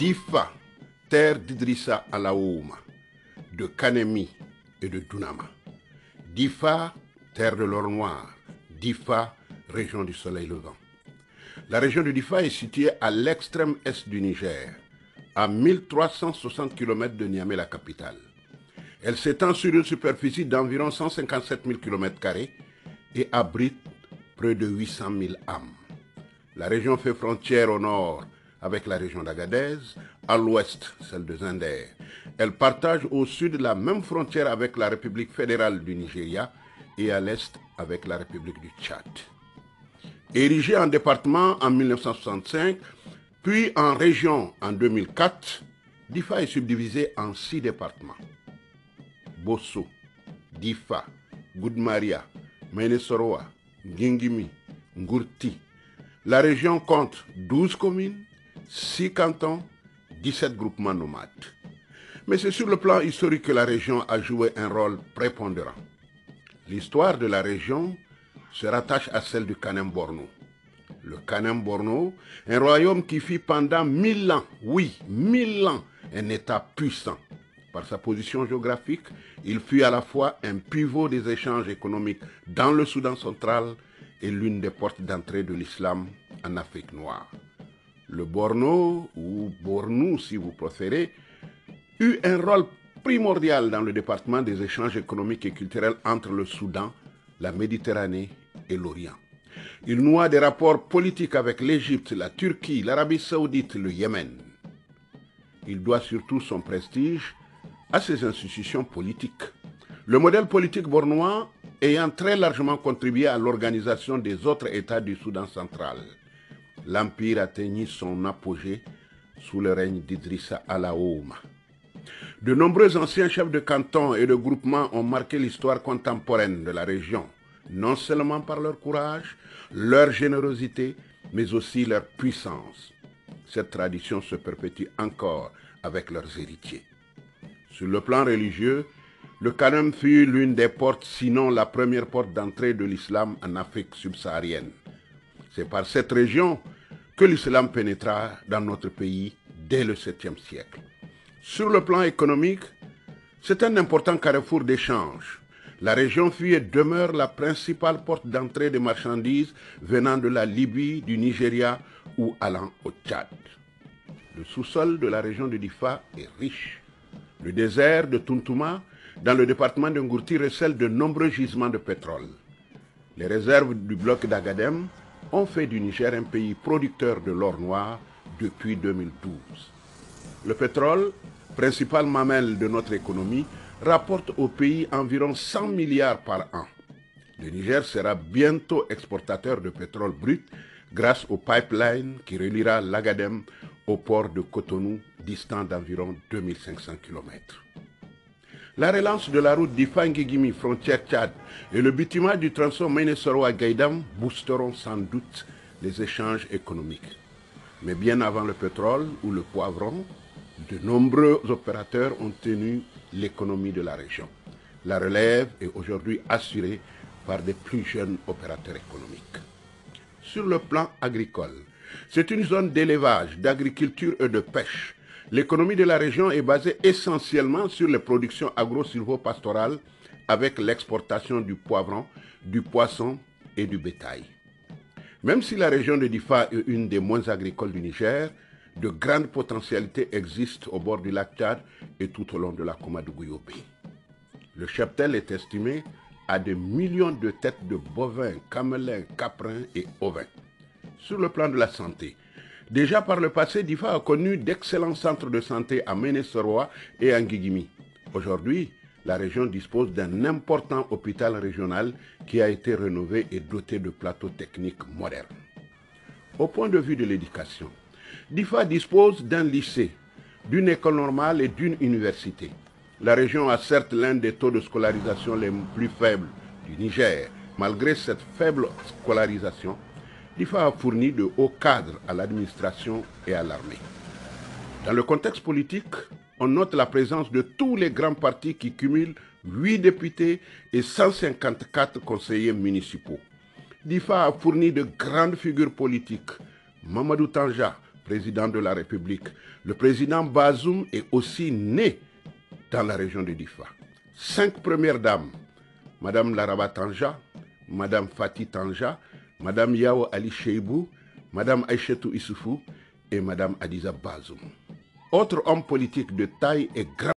d'Ifa, terre d'Idrissa Alaouma, de Kanemi et de Dunama. D'Ifa, terre de l'or noir. Difa, région du soleil levant. La région de Difa est située à l'extrême est du Niger, à 1360 km de Niamey, la capitale. Elle s'étend sur une superficie d'environ 157 000 km et abrite près de 800 000 âmes. La région fait frontière au nord avec la région d'Agadez, à l'ouest celle de Zinder. Elle partage au sud la même frontière avec la République fédérale du Nigeria et à l'est avec la République du Tchad. Érigée en département en 1965, puis en région en 2004, Difa est subdivisée en six départements. Bosso, Difa, Goudmaria, Menesoroa, Gingimi, Ngurti. La région compte 12 communes, 6 cantons, 17 groupements nomades. Mais c'est sur le plan historique que la région a joué un rôle prépondérant. L'histoire de la région se rattache à celle du Canem Borno. Le Canem Borno, un royaume qui fit pendant mille ans, oui, mille ans, un État puissant. Par sa position géographique, il fut à la fois un pivot des échanges économiques dans le Soudan central et l'une des portes d'entrée de l'islam en Afrique noire le Borno, ou Bornou si vous préférez, eut un rôle primordial dans le département des échanges économiques et culturels entre le Soudan, la Méditerranée et l'Orient. Il noua des rapports politiques avec l'Égypte, la Turquie, l'Arabie saoudite, le Yémen. Il doit surtout son prestige à ses institutions politiques. Le modèle politique bornois ayant très largement contribué à l'organisation des autres États du Soudan central l'empire atteignit son apogée sous le règne d'Idrissa Alaouma. De nombreux anciens chefs de canton et de groupements ont marqué l'histoire contemporaine de la région, non seulement par leur courage, leur générosité, mais aussi leur puissance. Cette tradition se perpétue encore avec leurs héritiers. Sur le plan religieux, le Kanem fut l'une des portes, sinon la première porte d'entrée de l'islam en Afrique subsaharienne. C'est par cette région que l'islam pénétra dans notre pays dès le 7e siècle. Sur le plan économique, c'est un important carrefour d'échanges. La région fuit et demeure la principale porte d'entrée des marchandises venant de la Libye, du Nigeria ou allant au Tchad. Le sous-sol de la région de Difa est riche. Le désert de Tuntuma, dans le département de Ngourti, recèle de nombreux gisements de pétrole. Les réserves du bloc d'Agadem on fait du Niger un pays producteur de l'or noir depuis 2012. Le pétrole, principal mamelle de notre économie, rapporte au pays environ 100 milliards par an. Le Niger sera bientôt exportateur de pétrole brut grâce au pipeline qui reliera l'Agadem au port de Cotonou, distant d'environ 2500 km. La relance de la route d'Ifangigimi, frontière Tchad, et le bitumage du tronçon Ménesoro à Gaïdam boosteront sans doute les échanges économiques. Mais bien avant le pétrole ou le poivron, de nombreux opérateurs ont tenu l'économie de la région. La relève est aujourd'hui assurée par des plus jeunes opérateurs économiques. Sur le plan agricole, c'est une zone d'élevage, d'agriculture et de pêche L'économie de la région est basée essentiellement sur les productions agro-silvopastorales avec l'exportation du poivron, du poisson et du bétail. Même si la région de Difa est une des moins agricoles du Niger, de grandes potentialités existent au bord du lac Tchad et tout au long de la Guyobé. Le cheptel est estimé à des millions de têtes de bovins, camelins, caprins et ovins. Sur le plan de la santé, Déjà par le passé, Difa a connu d'excellents centres de santé à Ménessoroa et à Nguigimi. Aujourd'hui, la région dispose d'un important hôpital régional qui a été rénové et doté de plateaux techniques modernes. Au point de vue de l'éducation, Difa dispose d'un lycée, d'une école normale et d'une université. La région a certes l'un des taux de scolarisation les plus faibles du Niger. Malgré cette faible scolarisation, Difa a fourni de hauts cadres à l'administration et à l'armée. Dans le contexte politique, on note la présence de tous les grands partis qui cumulent 8 députés et 154 conseillers municipaux. Difa a fourni de grandes figures politiques. Mamadou Tanja, président de la République. Le président Bazoum est aussi né dans la région de Difa. Cinq premières dames, Madame Laraba Tanja, Madame Fatih Tanja, Madame Yao Ali Sheibou, Madame Aïchetou Issoufou et Madame Adiza Bazoum. Autre homme politique de taille et grand